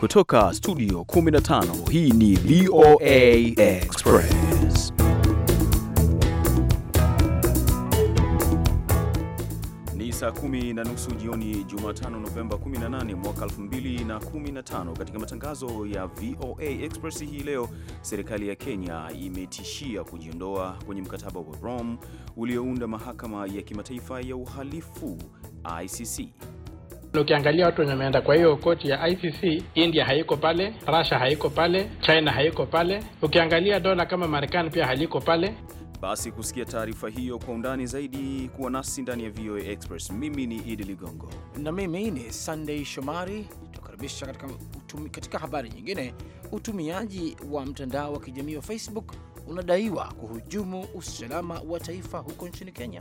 Kutoka studio 15 hii ni VOA Express. Ni saa kumi na nusu jioni Jumatano Novemba 18 mwaka 2015. Katika matangazo ya VOA Express hii leo, serikali ya Kenya imetishia kujiondoa kwenye mkataba wa Rome uliounda mahakama ya kimataifa ya uhalifu ICC na ukiangalia watu wenye wameenda kwa hiyo koti ya ICC, India haiko pale, Russia haiko pale, China haiko pale, ukiangalia dola kama Marekani pia haliko pale. Basi kusikia taarifa hiyo kwa undani zaidi, kuwa nasi ndani ya VOA Express. Mimi ni Idi Ligongo na mimi ni Sunday Shomari. Tukaribisha katika, katika habari nyingine. Utumiaji wa mtandao wa kijamii wa Facebook unadaiwa kuhujumu usalama wa taifa huko nchini Kenya.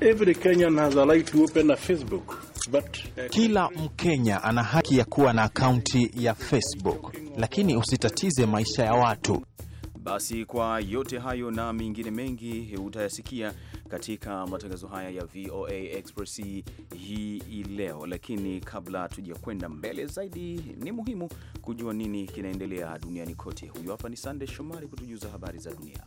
Every Kenyan has a right to open a Facebook. But... Uh, kila Mkenya ana haki ya kuwa na akaunti ya Facebook, lakini usitatize maisha ya watu. Basi kwa yote hayo na mengine mengi utayasikia katika matangazo haya ya VOA Express hii leo, lakini kabla tujakwenda mbele zaidi, ni muhimu kujua nini kinaendelea duniani kote. Huyu hapa ni Sande Shomari kutujuza habari za dunia.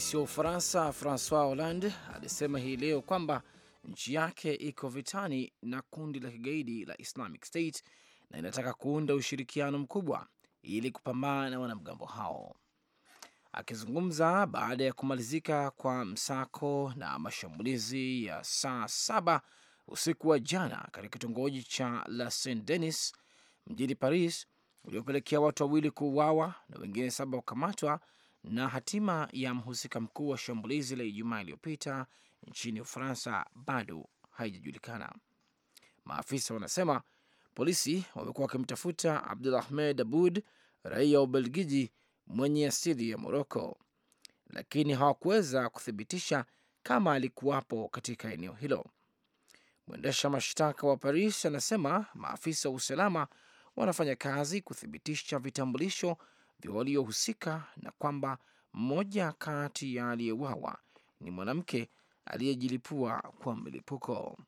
Rais wa Ufaransa Francois Hollande alisema hii leo kwamba nchi yake iko vitani na kundi la kigaidi la Islamic State na inataka kuunda ushirikiano mkubwa ili kupambana na wanamgambo hao. Akizungumza baada ya kumalizika kwa msako na mashambulizi ya saa saba usiku wa jana katika kitongoji cha La Saint Denis mjini Paris uliopelekea watu wawili kuuawa na wengine saba kukamatwa na hatima ya mhusika mkuu wa shambulizi la Ijumaa iliyopita nchini Ufaransa bado haijajulikana. Maafisa wanasema polisi wamekuwa wakimtafuta Ahmed Abud, raia wa Ubelgiji mwenye asili ya Moroko, lakini hawakuweza kuthibitisha kama alikuwapo katika eneo hilo. Mwendesha mashtaka wa Paris anasema maafisa wa usalama wanafanya kazi kuthibitisha vitambulisho vya waliohusika na kwamba mmoja kati ya aliyewawa ni mwanamke aliyejilipua kwa mlipuko.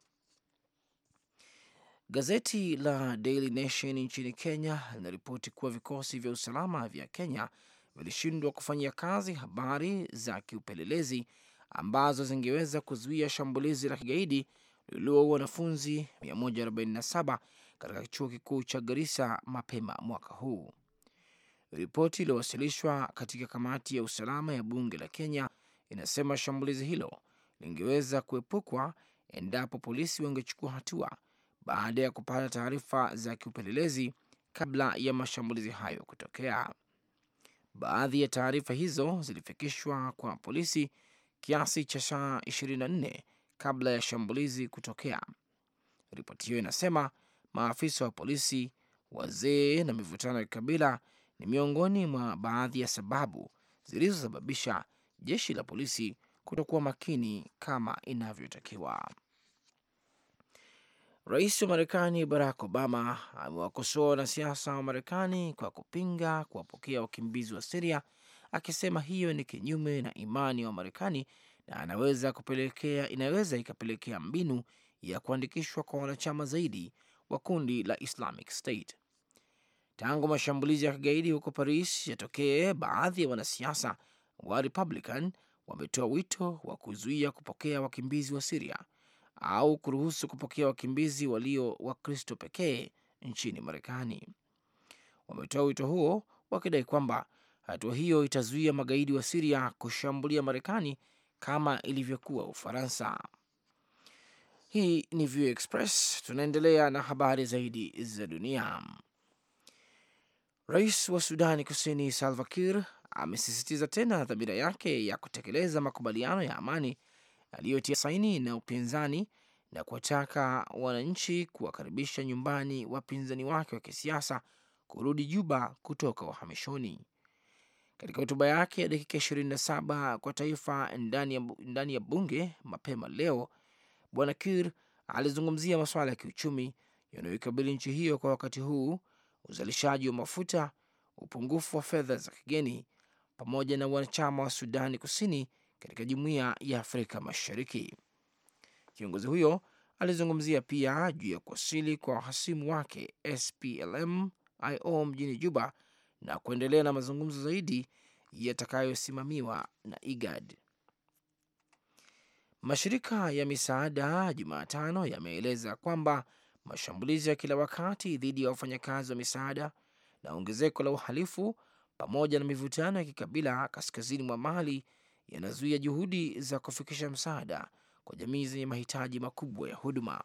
Gazeti la Daily Nation nchini Kenya linaripoti kuwa vikosi vya usalama vya Kenya vilishindwa kufanyia kazi habari za kiupelelezi ambazo zingeweza kuzuia shambulizi la kigaidi lililoua wanafunzi 147 katika chuo kikuu cha Garissa mapema mwaka huu. Ripoti iliyowasilishwa katika kamati ya usalama ya bunge la Kenya inasema shambulizi hilo lingeweza kuepukwa endapo polisi wangechukua hatua baada ya kupata taarifa za kiupelelezi kabla ya mashambulizi hayo kutokea. Baadhi ya taarifa hizo zilifikishwa kwa polisi kiasi cha saa 24 kabla ya shambulizi kutokea. Ripoti hiyo inasema maafisa wa polisi, wazee na mivutano ya kikabila ni miongoni mwa baadhi ya sababu zilizosababisha jeshi la polisi kutokuwa makini kama inavyotakiwa. Rais wa Marekani Barack Obama amewakosoa wanasiasa wa Marekani kwa kupinga kuwapokea wakimbizi wa Siria, akisema hiyo ni kinyume na imani wa Marekani na anaweza kupelekea, inaweza ikapelekea mbinu ya kuandikishwa kwa wanachama zaidi wa kundi la Islamic State tangu mashambulizi ya kigaidi huko Paris yatokee, baadhi ya wanasiasa wa Republican wametoa wito wa kuzuia kupokea wakimbizi wa Siria au kuruhusu kupokea wakimbizi walio Wakristo pekee nchini Marekani. Wametoa wito huo wakidai kwamba hatua hiyo itazuia magaidi wa Siria kushambulia Marekani kama ilivyokuwa Ufaransa. Hii ni View Express, tunaendelea na habari zaidi za dunia. Rais wa Sudani Kusini Salva Kiir amesisitiza tena dhamira yake ya kutekeleza makubaliano ya amani aliyotia saini na upinzani na kuwataka wananchi kuwakaribisha nyumbani wapinzani wake wa kisiasa kurudi Juba kutoka uhamishoni. Katika hotuba yake ya dakika saba kwa taifa ndani ya, ndani ya bunge mapema leo, Bwana kir alizungumzia masuala ya kiuchumi yanayoikabili nchi hiyo kwa wakati huu uzalishaji wa mafuta, upungufu wa fedha za kigeni, pamoja na wanachama wa Sudani Kusini katika jumuiya ya Afrika Mashariki. Kiongozi huyo alizungumzia pia juu ya kuwasili kwa wahasimu wake SPLM-IO mjini Juba na kuendelea na mazungumzo zaidi yatakayosimamiwa na IGAD. Mashirika ya misaada Jumatano yameeleza kwamba mashambulizi ya kila wakati dhidi ya wafanyakazi wa misaada na ongezeko la uhalifu pamoja na mivutano ya kikabila kaskazini mwa Mali yanazuia juhudi za kufikisha msaada kwa jamii zenye mahitaji makubwa ya huduma.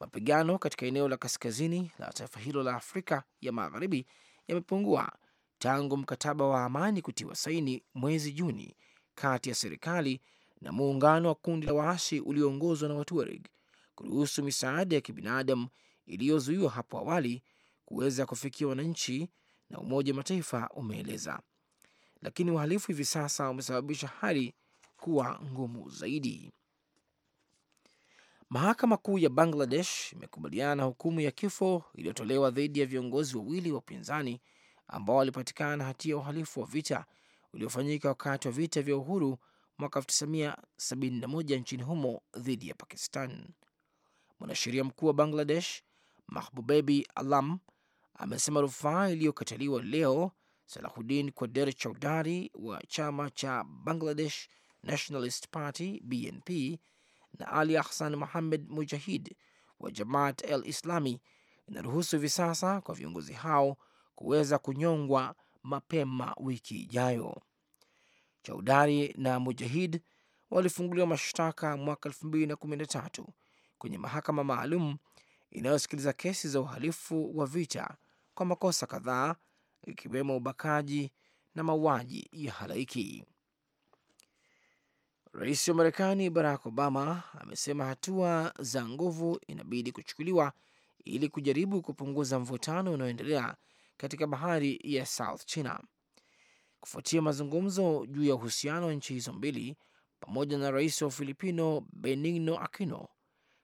Mapigano katika eneo la kaskazini la taifa hilo la Afrika ya Magharibi yamepungua tangu mkataba wa amani kutiwa saini mwezi Juni kati ya serikali na muungano wa kundi la waasi ulioongozwa na Watuareg kuruhusu misaada ya kibinadamu iliyozuiwa hapo awali kuweza kufikia wananchi, na Umoja wa Mataifa umeeleza. Lakini uhalifu hivi sasa umesababisha hali kuwa ngumu zaidi. Mahakama Kuu ya Bangladesh imekubaliana na hukumu ya kifo iliyotolewa dhidi ya viongozi wawili wa upinzani ambao walipatikana na hatia ya uhalifu wa vita uliofanyika wakati wa vita vya uhuru mwaka 1971 nchini humo dhidi ya Pakistan mwanasheria mkuu wa Bangladesh Mahbubebi Alam amesema rufaa iliyokataliwa leo Salahudin Kwader Chaudhari wa chama cha Bangladesh Nationalist Party BNP na Ali Ahsan Muhamed Mujahid wa Jamaat el Islami inaruhusu hivi sasa kwa viongozi hao kuweza kunyongwa mapema wiki ijayo. Chaudhari na Mujahid walifunguliwa mashtaka mwaka 2013 kwenye mahakama maalum inayosikiliza kesi za uhalifu wa vita kwa makosa kadhaa ikiwemo ubakaji na mauaji ya halaiki. Rais wa Marekani Barack Obama amesema hatua za nguvu inabidi kuchukuliwa ili kujaribu kupunguza mvutano unaoendelea katika bahari ya South China kufuatia mazungumzo juu ya uhusiano wa nchi hizo mbili pamoja na rais wa Filipino Benigno Aquino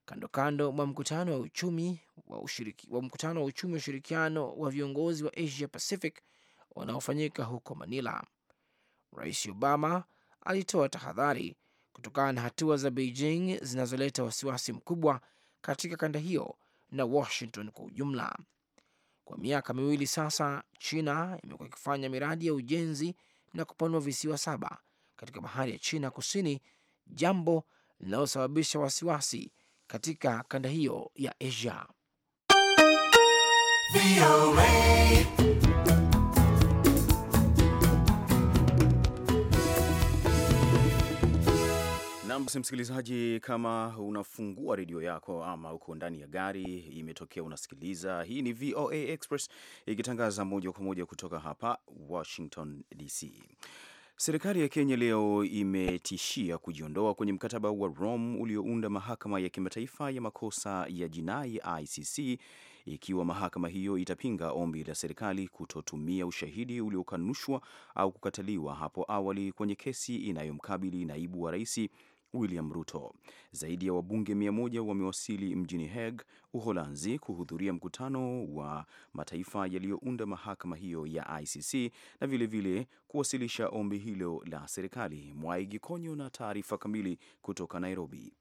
kando kando mwa mkutano wa uchumi wa ushiriki, wa mkutano wa uchumi wa ushirikiano wa viongozi wa Asia Pacific wanaofanyika huko Manila. Rais Obama alitoa tahadhari kutokana na hatua za Beijing zinazoleta wasiwasi mkubwa katika kanda hiyo na Washington kwa ujumla. Kwa miaka miwili sasa, China imekuwa ikifanya miradi ya ujenzi na kupanua visiwa saba katika bahari ya China Kusini, jambo linalosababisha wasiwasi katika kanda hiyo ya Asia. Basi msikilizaji, kama unafungua redio yako ama uko ndani ya gari, imetokea unasikiliza. Hii ni VOA Express ikitangaza moja kwa moja kutoka hapa Washington DC. Serikali ya Kenya leo imetishia kujiondoa kwenye mkataba wa Rome uliounda mahakama ya kimataifa ya makosa ya jinai ICC ikiwa mahakama hiyo itapinga ombi la serikali kutotumia ushahidi uliokanushwa au kukataliwa hapo awali kwenye kesi inayomkabili naibu wa rais William Ruto. Zaidi ya wabunge mia moja wamewasili mjini Hague, Uholanzi, kuhudhuria mkutano wa mataifa yaliyounda mahakama hiyo ya ICC na vilevile vile kuwasilisha ombi hilo la serikali. Mwai Gikonyo na taarifa kamili kutoka Nairobi.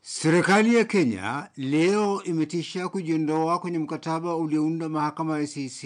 Serikali ya Kenya leo imetisha kujiondoa kwenye mkataba uliounda mahakama ya ICC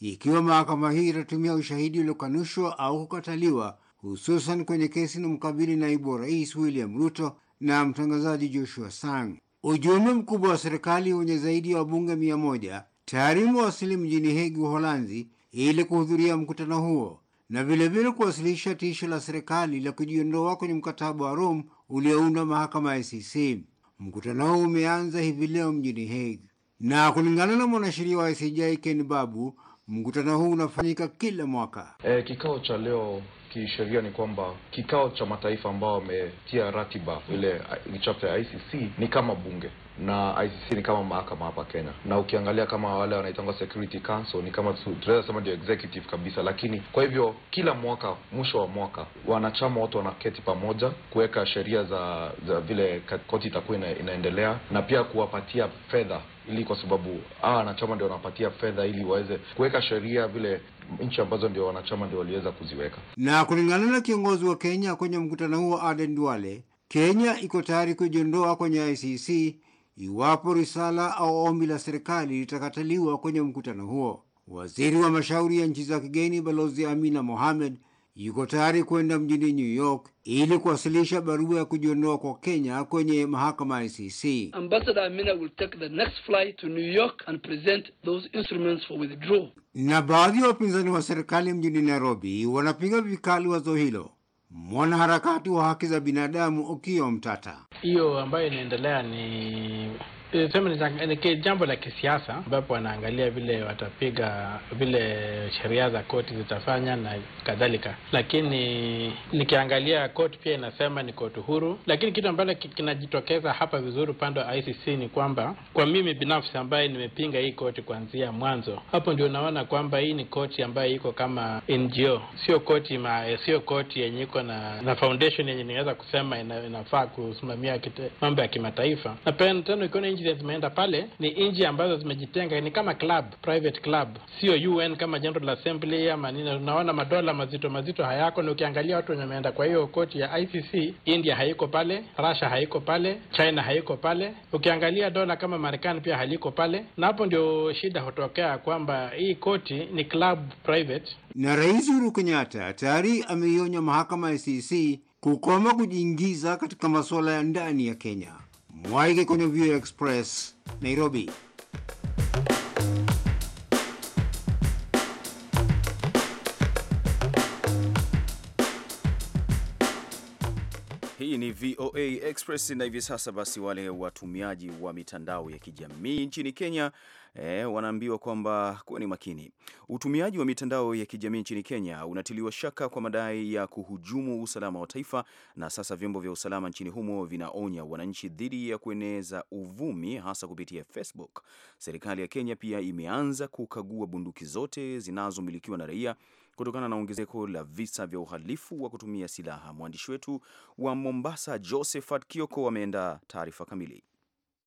ikiwa mahakama hii itatumia ushahidi uliokanushwa au kukataliwa hususan kwenye kesi mkabili naibu wa rais William Ruto na mtangazaji Joshua Sang. Ujumbe mkubwa wa serikali wenye zaidi ya wabunge mia moja tayari umewasili mjini Hegi, Uholanzi, ili kuhudhuria mkutano huo na vilevile kuwasilisha tisho la serikali la kujiondoa kwenye mkataba wa Rome uliounda mahakama ya ICC. Mkutano huu umeanza hivi leo mjini Hague, na kulingana na mwanasheria wa ICJ Ken Babu, mkutano huu unafanyika kila mwaka. E, kikao cha leo kisheria ni kwamba kikao cha mataifa ambao wametia ratiba ile uh, chapter ya ICC ni kama bunge na ICC ni kama mahakama hapa Kenya, na ukiangalia kama wale wanaitanga Security Council ni kama tunaweza sema ndio executive kabisa. Lakini kwa hivyo kila mwaka mwisho wa mwaka wanachama wote wanaketi pamoja kuweka sheria za, za vile koti itakuwa ina, inaendelea na pia kuwapatia fedha ili kwa sababu ah, wanachama ndio wanapatia fedha ili waweze kuweka sheria vile nchi ambazo ndio wanachama ndio waliweza kuziweka. Na kulingana na kiongozi wa Kenya kwenye mkutano huo Aden Duale, Kenya iko tayari kujiondoa kwenye ICC iwapo risala au ombi la serikali litakataliwa kwenye mkutano huo. Waziri wa mashauri ya nchi za kigeni Balozi Amina Mohamed yuko tayari kwenda mjini New York ili kuwasilisha barua ya kujiondoa kwa Kenya kwenye mahakama ya ICC. Ambassador Amina will take the next flight to New York and present those instruments for withdrawal. Na baadhi ya wapinzani wa serikali mjini Nairobi wanapinga vikali wazo hilo mwanaharakati wa haki za binadamu ukiwa mtata Hiyo ambayo inaendelea ni Tuseme eh, ni jambo la kisiasa ambapo wanaangalia vile watapiga vile sheria za koti zitafanya na kadhalika, lakini nikiangalia koti pia inasema ni koti huru, lakini kitu ambacho kinajitokeza hapa vizuri upande wa ICC ni kwamba, kwa mimi binafsi ambaye nimepinga hii koti kuanzia mwanzo, hapo ndio naona kwamba hii ni koti ambayo iko kama NGO, sio koti ma, sio koti yenye iko na, na foundation yenye inaweza kusema ina, inafaa kusimamia mambo ya kimataifa na tena ikiona nchi zimeenda pale ni nchi ambazo zimejitenga, ni kama club, private club, sio UN kama General Assembly ama nini. Tunaona madola mazito mazito hayako, na ukiangalia watu wenye wameenda kwa hiyo koti ya ICC, India haiko pale, Russia haiko pale, China haiko pale. Ukiangalia dola kama Marekani pia haliko pale, na hapo ndio shida hutokea kwamba hii koti ni club private. Na Rais Uhuru Kenyatta tayari ameionya mahakama ya ICC kukoma kujiingiza katika masuala ya ndani ya Kenya. Mwaige kwenye View Express Nairobi. Hii ni VOA Express na hivi sasa basi, wale watumiaji wa mitandao ya kijamii nchini Kenya e, wanaambiwa kwamba kuwa ni makini. Utumiaji wa mitandao ya kijamii nchini Kenya unatiliwa shaka kwa madai ya kuhujumu usalama wa taifa, na sasa vyombo vya usalama nchini humo vinaonya wananchi dhidi ya kueneza uvumi, hasa kupitia Facebook. Serikali ya Kenya pia imeanza kukagua bunduki zote zinazomilikiwa na raia kutokana na ongezeko la visa vya uhalifu wa kutumia silaha. Mwandishi wetu wa Mombasa, Josephat Kioko, ameenda taarifa kamili.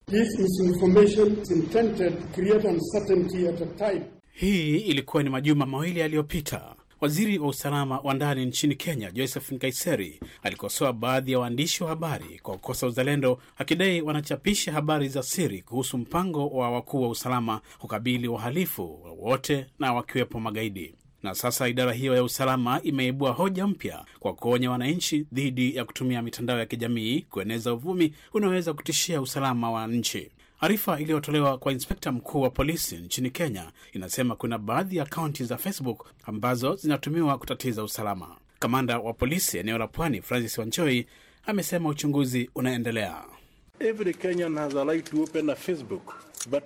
This misinformation is intended to create uncertainty at a time. Hii ilikuwa ni majuma mawili yaliyopita. Waziri wa usalama wa ndani nchini Kenya, Joseph Nkaiseri, alikosoa baadhi ya waandishi wa habari kwa kukosa uzalendo, akidai wanachapisha habari za siri kuhusu mpango wa wakuu wa usalama kukabili wahalifu wowote na wakiwepo magaidi na sasa idara hiyo ya usalama imeibua hoja mpya kwa kuonya wananchi dhidi ya kutumia mitandao ya kijamii kueneza uvumi unaoweza kutishia usalama wa nchi. Arifa iliyotolewa kwa inspekta mkuu wa polisi nchini Kenya inasema kuna baadhi ya akaunti za Facebook ambazo zinatumiwa kutatiza usalama. Kamanda wa polisi eneo la Pwani, Francis Wanchoi, amesema uchunguzi unaendelea. Every Kenyan has a right to open a Facebook. Uh,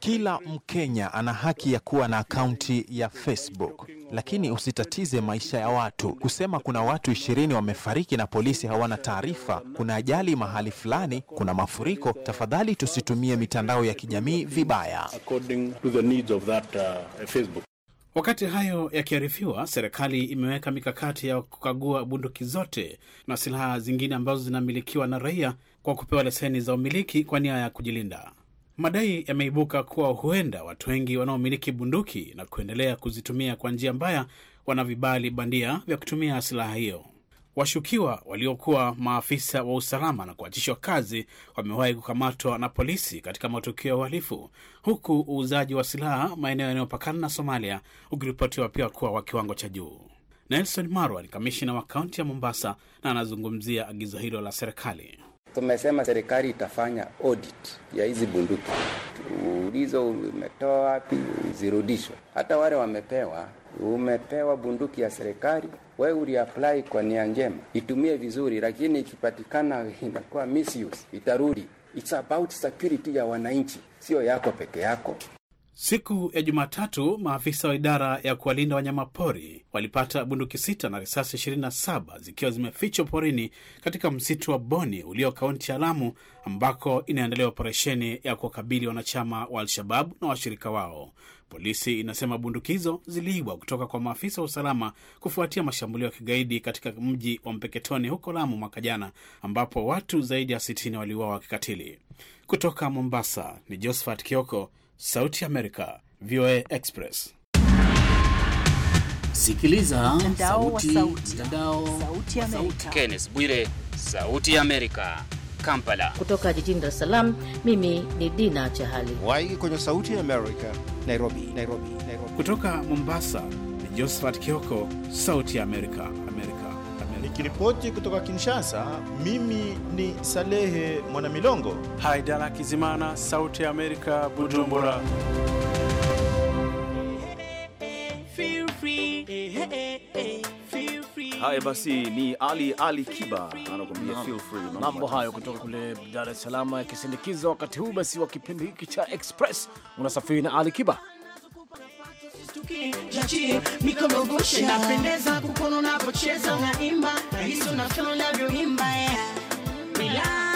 Kila Mkenya ana haki ya kuwa na akaunti ya Facebook, lakini usitatize maisha ya watu. Kusema kuna watu ishirini wamefariki na polisi hawana taarifa, kuna ajali mahali fulani, kuna mafuriko, tafadhali tusitumie mitandao ya kijamii vibaya. Uh, Wakati hayo yakiarifiwa, serikali imeweka mikakati ya kukagua bunduki zote na silaha zingine ambazo zinamilikiwa na raia kwa kupewa leseni za umiliki kwa nia ya kujilinda. Madai yameibuka kuwa huenda watu wengi wanaomiliki bunduki na kuendelea kuzitumia kwa njia mbaya wana vibali bandia vya kutumia silaha hiyo. Washukiwa waliokuwa maafisa wa usalama na kuachishwa kazi wamewahi kukamatwa na polisi katika matukio ya uhalifu, huku uuzaji wa silaha maeneo yanayopakana na Somalia ukiripotiwa pia kuwa wa kiwango cha juu. Nelson Marwa ni kamishina wa kaunti ya Mombasa na anazungumzia agizo hilo la serikali. Tumesema serikali itafanya audit ya hizi bunduki, ulizo umetoa wapi zirudishwe. Hata wale wamepewa, umepewa bunduki ya serikali, we uliapply kwa nia njema, itumie vizuri, lakini ikipatikana inakuwa misuse, itarudi. It's about security ya wananchi, sio yako peke yako. Siku ya Jumatatu, maafisa wa idara ya kuwalinda wanyamapori walipata bunduki sita na risasi 27 zikiwa zimefichwa porini katika msitu wa Boni ulio kaunti ya Lamu, ambako inaendelea operesheni ya kuwakabili wanachama wa Al-Shababu na washirika wao. Polisi inasema bunduki hizo ziliibwa kutoka kwa maafisa wa usalama kufuatia mashambulio ya kigaidi katika mji wa Mpeketoni huko Lamu mwaka jana, ambapo watu zaidi ya 60 waliuawa kikatili. Kutoka Mombasa ni Josephat Kioko. Sauti Amerika, VOA Express. Sikiliza mtandao sauti, sauti Kenneth Bwire, Sauti Amerika. Kampala. Kutoka jijini Dar es Salaam, mimi ni Dina Chahali. Waigi kwenye Sauti Amerika, Nairobi, Nairobi, Nairobi. Kutoka Mombasa ni Josephat Kioko, Sauti Amerika. Nikiripoti kutoka Kinshasa, mimi ni Salehe Mwanamilongo. Haidara Kizimana, Sauti ya Amerika, Bujumbura. Haya basi, ni Ali Ali Kiba anakuambia feel free. Mambo hayo kutoka kule Dar es Salaam yakisindikizwa wakati huu basi wa kipindi hiki cha Express. Unasafiri na Ali Kiba jachi nikorogosha, napendeza kukuona unapocheza, unaimba nahisi unafanya unavyoimba yeah. bila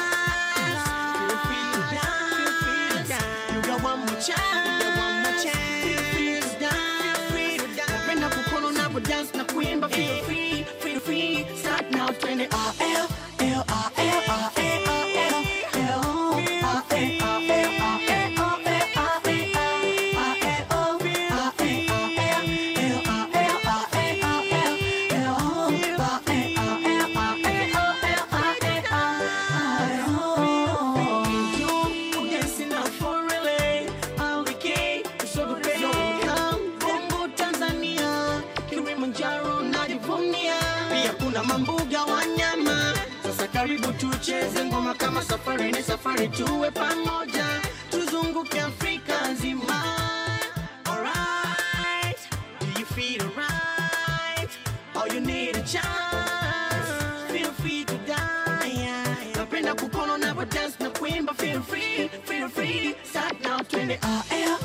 dance, no queen, but feel free, feel free. Sat now, 20 hours.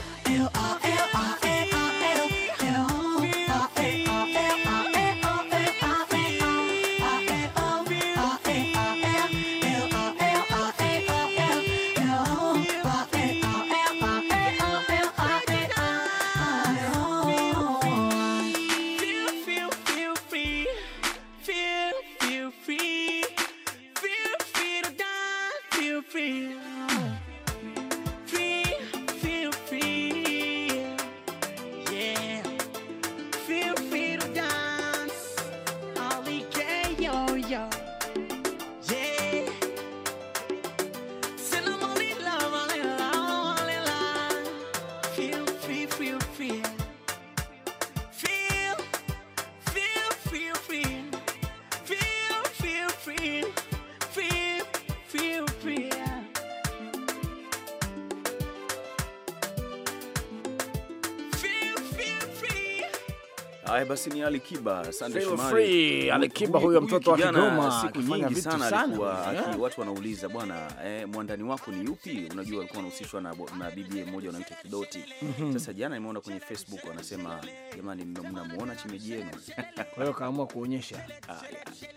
Haya basi, ni Alikiba Sande Shomari. Alikiba huyo mtoto wa Kigoma, siku nyingi sana alikuwa aki, watu wanauliza bwana, eh, mwandani wako ni yupi? Unajua alikuwa anahusishwa na, na bibi mmoja anaitwa Kidoti. Mhm. Sasa jana nimeona kwenye Facebook wanasema, jamani, mnamuona chimeji yenu? Kwa hiyo kaamua kuonyesha ah, yeah.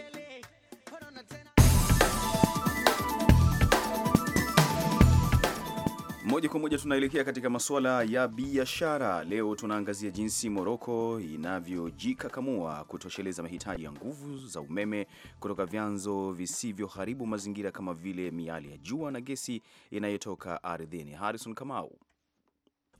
Moja kwa moja tunaelekea katika masuala ya biashara. Leo tunaangazia jinsi Moroko inavyojikakamua kutosheleza mahitaji ya nguvu za umeme kutoka vyanzo visivyoharibu mazingira kama vile miali ya jua na gesi inayotoka ardhini. Harrison Kamau.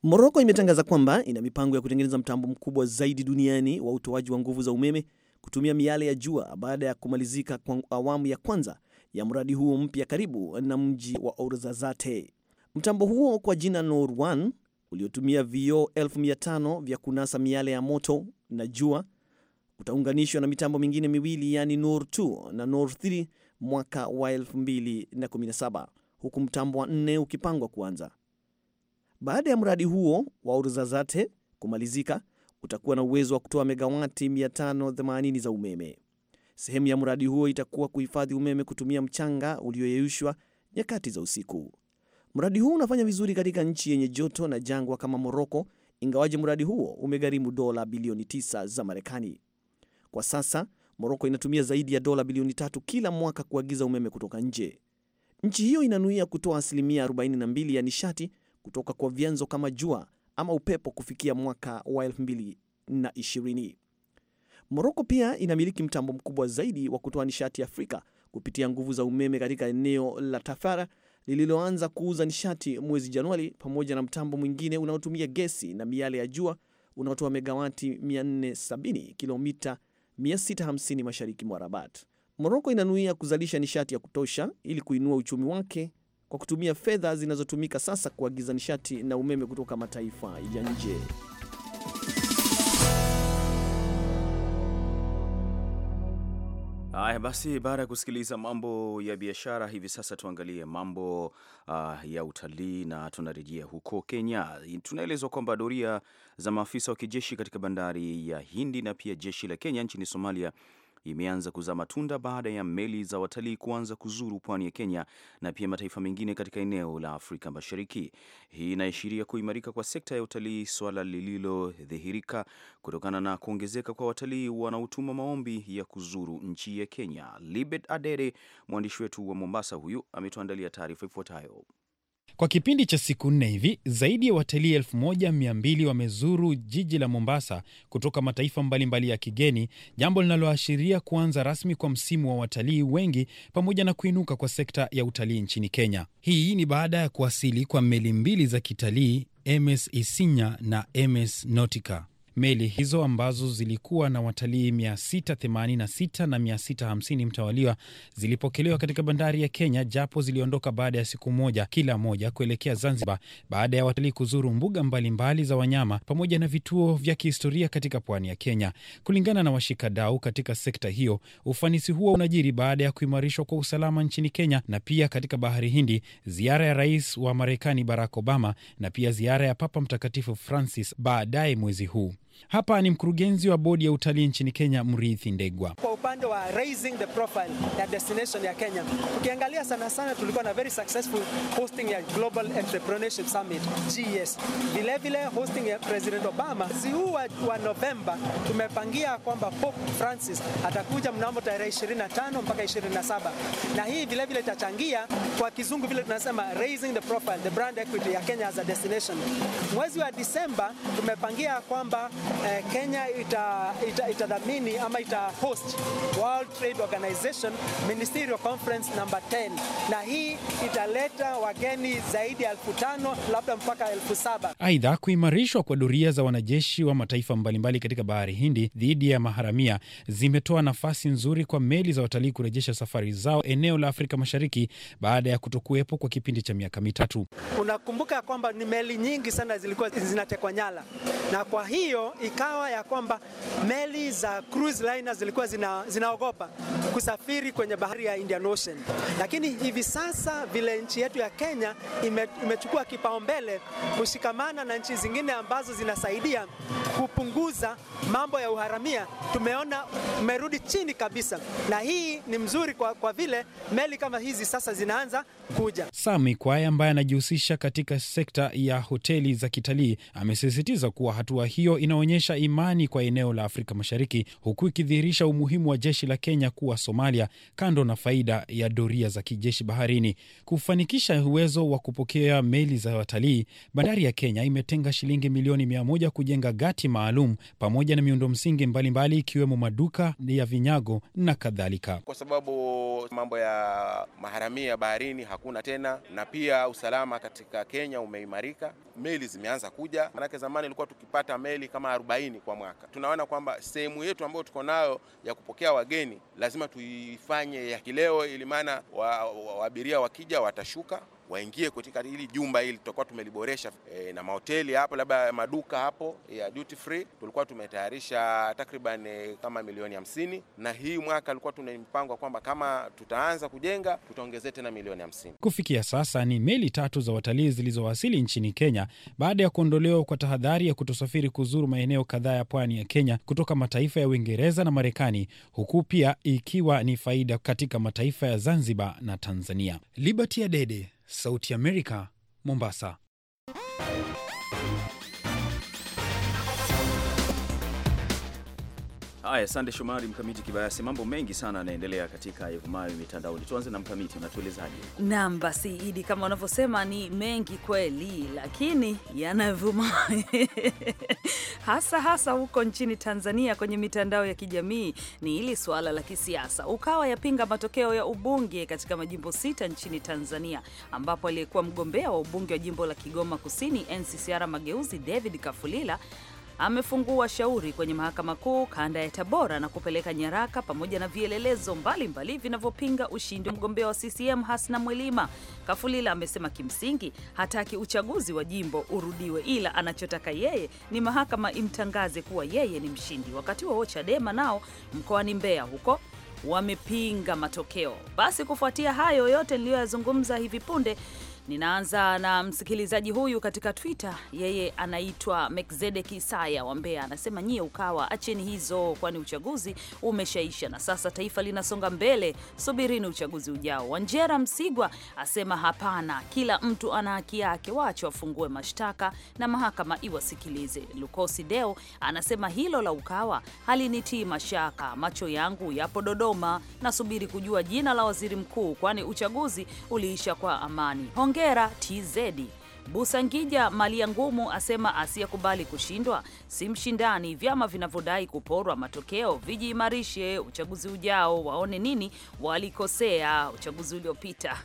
Moroko imetangaza kwamba ina mipango ya kutengeneza mtambo mkubwa zaidi duniani wa utoaji wa nguvu za umeme kutumia miale ya jua baada ya kumalizika kwa awamu ya kwanza ya mradi huo mpya karibu na mji wa Ouarzazate. Mtambo huo kwa jina Nor 1 uliotumia vioo 5 vya kunasa miale ya moto na jua utaunganishwa na mitambo mingine miwili yani Nor 2 na Nor 3 mwaka wa 2017 huku mtambo wa nne ukipangwa kuanza. Baada ya mradi huo wa Ourzazate kumalizika, utakuwa na uwezo wa kutoa megawati 580 za umeme. Sehemu ya mradi huo itakuwa kuhifadhi umeme kutumia mchanga ulioyeyushwa nyakati za usiku. Mradi huu unafanya vizuri katika nchi yenye joto na jangwa kama Moroko, ingawaje mradi huo umegharimu dola bilioni 9 za Marekani. Kwa sasa Moroko inatumia zaidi ya dola bilioni tatu kila mwaka kuagiza umeme kutoka nje. Nchi hiyo inanuia kutoa asilimia 42 ya nishati kutoka kwa vyanzo kama jua ama upepo kufikia mwaka wa 2020. Moroko pia inamiliki mtambo mkubwa zaidi wa kutoa nishati Afrika kupitia nguvu za umeme katika eneo la Tafara lililoanza kuuza nishati mwezi Januari, pamoja na mtambo mwingine unaotumia gesi na miale ya jua unaotoa megawati 470 kilomita 650 mashariki mwa Rabat. Moroko inanuia kuzalisha nishati ya kutosha ili kuinua uchumi wake kwa kutumia fedha zinazotumika sasa kuagiza nishati na umeme kutoka mataifa ya nje. Haya basi, baada ya kusikiliza mambo ya biashara, hivi sasa tuangalie mambo uh, ya utalii, na tunarejea huko Kenya. Tunaelezwa kwamba doria za maafisa wa kijeshi katika bandari ya Hindi na pia jeshi la Kenya nchini Somalia imeanza kuzaa matunda baada ya meli za watalii kuanza kuzuru pwani ya Kenya na pia mataifa mengine katika eneo la Afrika Mashariki. Hii inaashiria kuimarika kwa sekta ya utalii, swala lililodhihirika kutokana na kuongezeka kwa watalii wanaotuma maombi ya kuzuru nchi ya Kenya. Libet Adere, mwandishi wetu wa Mombasa, huyu ametuandalia taarifa ifuatayo. Kwa kipindi cha siku nne hivi, zaidi ya watalii 120 wamezuru jiji la Mombasa kutoka mataifa mbalimbali ya kigeni, jambo linaloashiria kuanza rasmi kwa msimu wa watalii wengi pamoja na kuinuka kwa sekta ya utalii nchini Kenya. Hii ni baada ya kuwasili kwa meli mbili za kitalii MS Isinya na MS Nautica. Meli hizo ambazo zilikuwa na watalii 686 na 650 mtawaliwa zilipokelewa katika bandari ya Kenya, japo ziliondoka baada ya siku moja kila moja kuelekea Zanzibar, baada ya watalii kuzuru mbuga mbalimbali mbali za wanyama pamoja na vituo vya kihistoria katika pwani ya Kenya. Kulingana na washikadau katika sekta hiyo, ufanisi huo unajiri baada ya kuimarishwa kwa usalama nchini Kenya na pia katika bahari Hindi, ziara ya rais wa Marekani Barack Obama na pia ziara ya Papa Mtakatifu Francis baadaye mwezi huu. Hapa ni mkurugenzi wa bodi ya utalii nchini Kenya, Mrithi Ndegwa. Kwa upande wa raising the profile ya destination ya Kenya, tukiangalia sana sana, tulikuwa na very successful hosting ya Global Entrepreneurship Summit GES, vilevile hosting ya President Obama. Si huu wa wa Novemba tumepangia kwamba Pope Francis atakuja mnamo tarehe 25 mpaka 27, na hii vilevile itachangia kwa kizungu vile tunasema raising the profile, the brand equity ya Kenya as a destination. Mwezi wa Disemba tumepangia kwamba eh, Kenya itadhamini ita, ita ama ita host World Trade Organization Ministerial Conference number 10, na hii italeta wageni zaidi ya elfu tano labda mpaka elfu saba. Aidha, kuimarishwa kwa doria za wanajeshi wa mataifa mbalimbali mbali katika bahari Hindi dhidi ya maharamia zimetoa nafasi nzuri kwa meli za watalii kurejesha safari zao eneo la Afrika Mashariki baada ya kutokuwepo kwa kipindi cha miaka mitatu. Unakumbuka kwamba ni meli nyingi sana zilikuwa zinatekwa nyala, na kwa hiyo ikawa ya kwamba meli za cruise liner zilikuwa zina, zinaogopa kusafiri kwenye bahari ya Indian Ocean, lakini hivi sasa vile nchi yetu ya Kenya ime, imechukua kipaumbele kushikamana na nchi zingine ambazo zinasaidia kupunguza mambo ya uharamia, tumeona umerudi chini kabisa, na hii ni mzuri kwa, kwa vile meli kama hizi sasa zinaanza kuja. Sami Kwae ambaye anajihusisha katika sekta ya hoteli za kitalii amesisitiza kuwa hatua hiyo ina imeonyesha imani kwa eneo la Afrika Mashariki, huku ikidhihirisha umuhimu wa jeshi la Kenya kuwa Somalia, kando na faida ya doria za kijeshi baharini. Kufanikisha uwezo wa kupokea meli za watalii, bandari ya Kenya imetenga shilingi milioni mia moja kujenga gati maalum pamoja na miundo msingi mbalimbali ikiwemo maduka ya vinyago na kadhalika, kwa sababu mambo ya maharamia ya baharini hakuna tena, na pia usalama katika Kenya umeimarika, meli zimeanza kuja, manake zamani ilikuwa tukipata meli kama kama 40 kwa mwaka. Tunaona kwamba sehemu yetu ambayo tuko nayo ya kupokea wageni lazima tuifanye ya kileo, ili maana waabiria wa, wa wakija watashuka waingie katika hili jumba hili tutakuwa tumeliboresha. E, na mahoteli hapo labda maduka hapo ya duty free tulikuwa tumetayarisha takriban e, kama milioni hamsini, na hii mwaka alikuwa tuna mpango kwamba kama tutaanza kujenga tutaongezea tena milioni hamsini. Kufikia sasa ni meli tatu za watalii zilizowasili nchini Kenya baada ya kuondolewa kwa tahadhari ya kutosafiri kuzuru maeneo kadhaa ya pwani ya Kenya kutoka mataifa ya Uingereza na Marekani, huku pia ikiwa ni faida katika mataifa ya Zanzibar na Tanzania. Liberty Adede, Sauti Amerika, Mombasa. Haya, sande Shomari. Mkamiti Kibayasi, mambo mengi sana yanaendelea katika yavumayo mitandaoni. Tuanze na Mkamiti, unatuelezaje? Naam, basi Idi, kama unavyosema ni mengi kweli, lakini yanavuma hasa hasa huko nchini Tanzania kwenye mitandao ya kijamii ni hili suala la kisiasa. Ukawa yapinga matokeo ya ubunge katika majimbo sita nchini Tanzania, ambapo aliyekuwa mgombea wa ubunge wa jimbo la Kigoma Kusini NCCR Mageuzi David Kafulila amefungua shauri kwenye mahakama kuu kanda ya Tabora na kupeleka nyaraka pamoja na vielelezo mbalimbali vinavyopinga ushindi wa mgombea wa CCM Hasna Mwilima. Kafulila amesema kimsingi hataki uchaguzi wa jimbo urudiwe, ila anachotaka yeye ni mahakama imtangaze kuwa yeye ni mshindi. Wakati huo Chadema nao mkoani Mbeya huko wamepinga matokeo. Basi kufuatia hayo yote niliyoyazungumza hivi punde Ninaanza na msikilizaji huyu katika Twitter, yeye anaitwa Mekzedek Isaya wa Mbeya, anasema nyie Ukawa acheni hizo, kwani uchaguzi umeshaisha na sasa taifa linasonga mbele, subirini uchaguzi ujao. Wanjera Msigwa asema hapana, kila mtu ana haki yake, wache wafungue mashtaka na mahakama iwasikilize. Lukosi Deo anasema hilo la Ukawa halinitii mashaka, macho yangu yapo Dodoma, nasubiri kujua jina la waziri mkuu, kwani uchaguzi uliisha kwa amani. Hong Hongera TZ. Busangija Malia Ngumu asema asiyekubali kushindwa si mshindani. Vyama vinavyodai kuporwa matokeo vijiimarishe uchaguzi ujao, waone nini walikosea uchaguzi uliopita.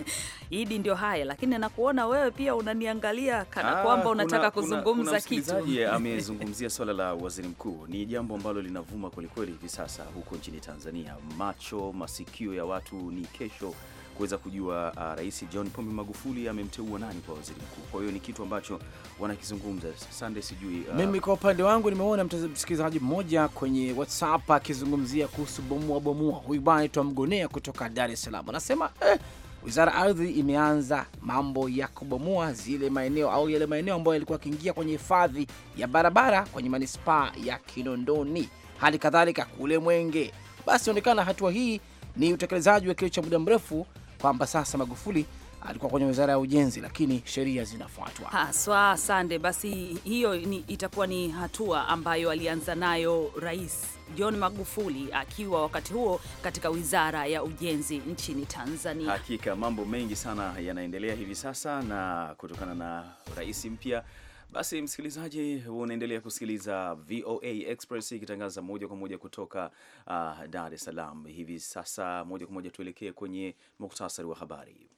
Idi, ndio haya, lakini nakuona wewe pia unaniangalia kana ah, kwamba unataka kuna, kuzungumza kitu. Amezungumzia swala la waziri mkuu, ni jambo ambalo linavuma kwelikweli hivi sasa huko nchini Tanzania. Macho masikio ya watu ni kesho kuweza kujua uh, Rais John Pombe Magufuli amemteua nani kwa waziri mkuu. Kwa hiyo ni kitu ambacho wanakizungumza Sunday, sijui uh... mimi kwa upande wangu nimeona msikilizaji mmoja kwenye WhatsApp akizungumzia kuhusu bomoa bomoa, huyu bwana anaitwa Mgonea kutoka Dar es Salaam anasema eh, Wizara Ardhi imeanza mambo ya kubomoa zile maeneo au yale maeneo ambayo yalikuwa akiingia kwenye hifadhi ya barabara kwenye manispaa ya Kinondoni, hali kadhalika kule Mwenge. Basi onekana hatua hii ni utekelezaji wa kile cha muda mrefu kwamba sasa Magufuli alikuwa kwenye wizara ya ujenzi, lakini sheria zinafuatwa haswa. Sande, basi hiyo ni, itakuwa ni hatua ambayo alianza nayo Rais John Magufuli akiwa wakati huo katika wizara ya ujenzi nchini Tanzania. Hakika mambo mengi sana yanaendelea hivi sasa, na kutokana na rais mpya basi msikilizaji, unaendelea kusikiliza VOA Express ikitangaza moja kwa moja kutoka uh, Dar es Salaam. Hivi sasa moja kwa moja tuelekee kwenye muktasari wa habari.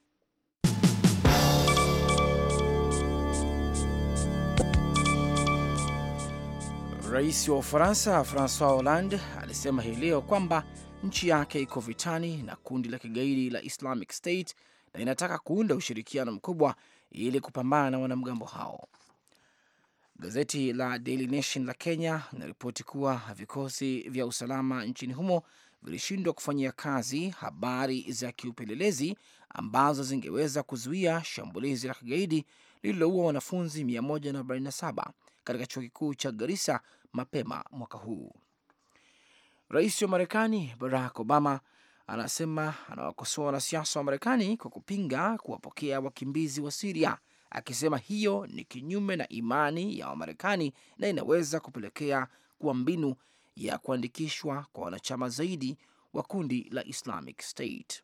Rais wa Ufaransa Francois Hollande alisema hii leo kwamba nchi yake iko vitani na kundi la kigaidi la Islamic State na inataka kuunda ushirikiano mkubwa ili kupambana na wanamgambo hao. Gazeti la Daily Nation la Kenya linaripoti kuwa vikosi vya usalama nchini humo vilishindwa kufanyia kazi habari za kiupelelezi ambazo zingeweza kuzuia shambulizi la kigaidi lililoua wanafunzi 147 katika chuo kikuu cha Garissa mapema mwaka huu. Rais wa Marekani Barack Obama anasema anawakosoa wanasiasa wa Marekani kwa kupinga kuwapokea wakimbizi wa Siria akisema hiyo ni kinyume na imani ya Wamarekani na inaweza kupelekea kuwa mbinu ya kuandikishwa kwa wanachama zaidi wa kundi la Islamic State.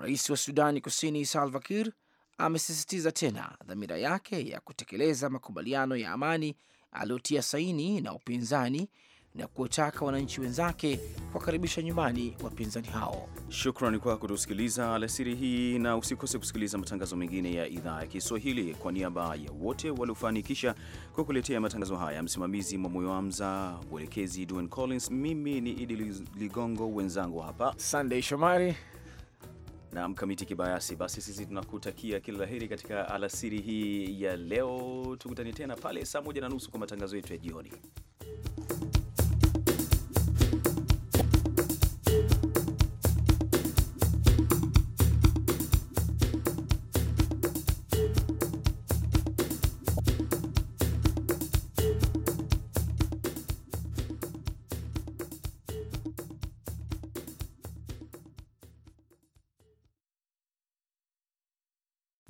Rais wa Sudani Kusini Salva Kiir amesisitiza tena dhamira yake ya kutekeleza makubaliano ya amani aliyotia saini na upinzani na kuwataka wananchi wenzake kuwakaribisha nyumbani wapinzani hao. Shukrani kwa kutusikiliza alasiri hii, na usikose kusikiliza matangazo mengine ya idhaa ya Kiswahili. Kwa niaba ya wote waliofanikisha kukuletea matangazo haya, msimamizi Mwamoyo Amza, mwelekezi Dwayne Collins, mimi ni Idi Ligongo, wenzangu hapa Sunday Shomari na mkamiti kibayasi. Basi sisi tunakutakia kila la heri katika alasiri hii ya leo. Tukutane tena pale saa moja na nusu kwa matangazo yetu ya jioni.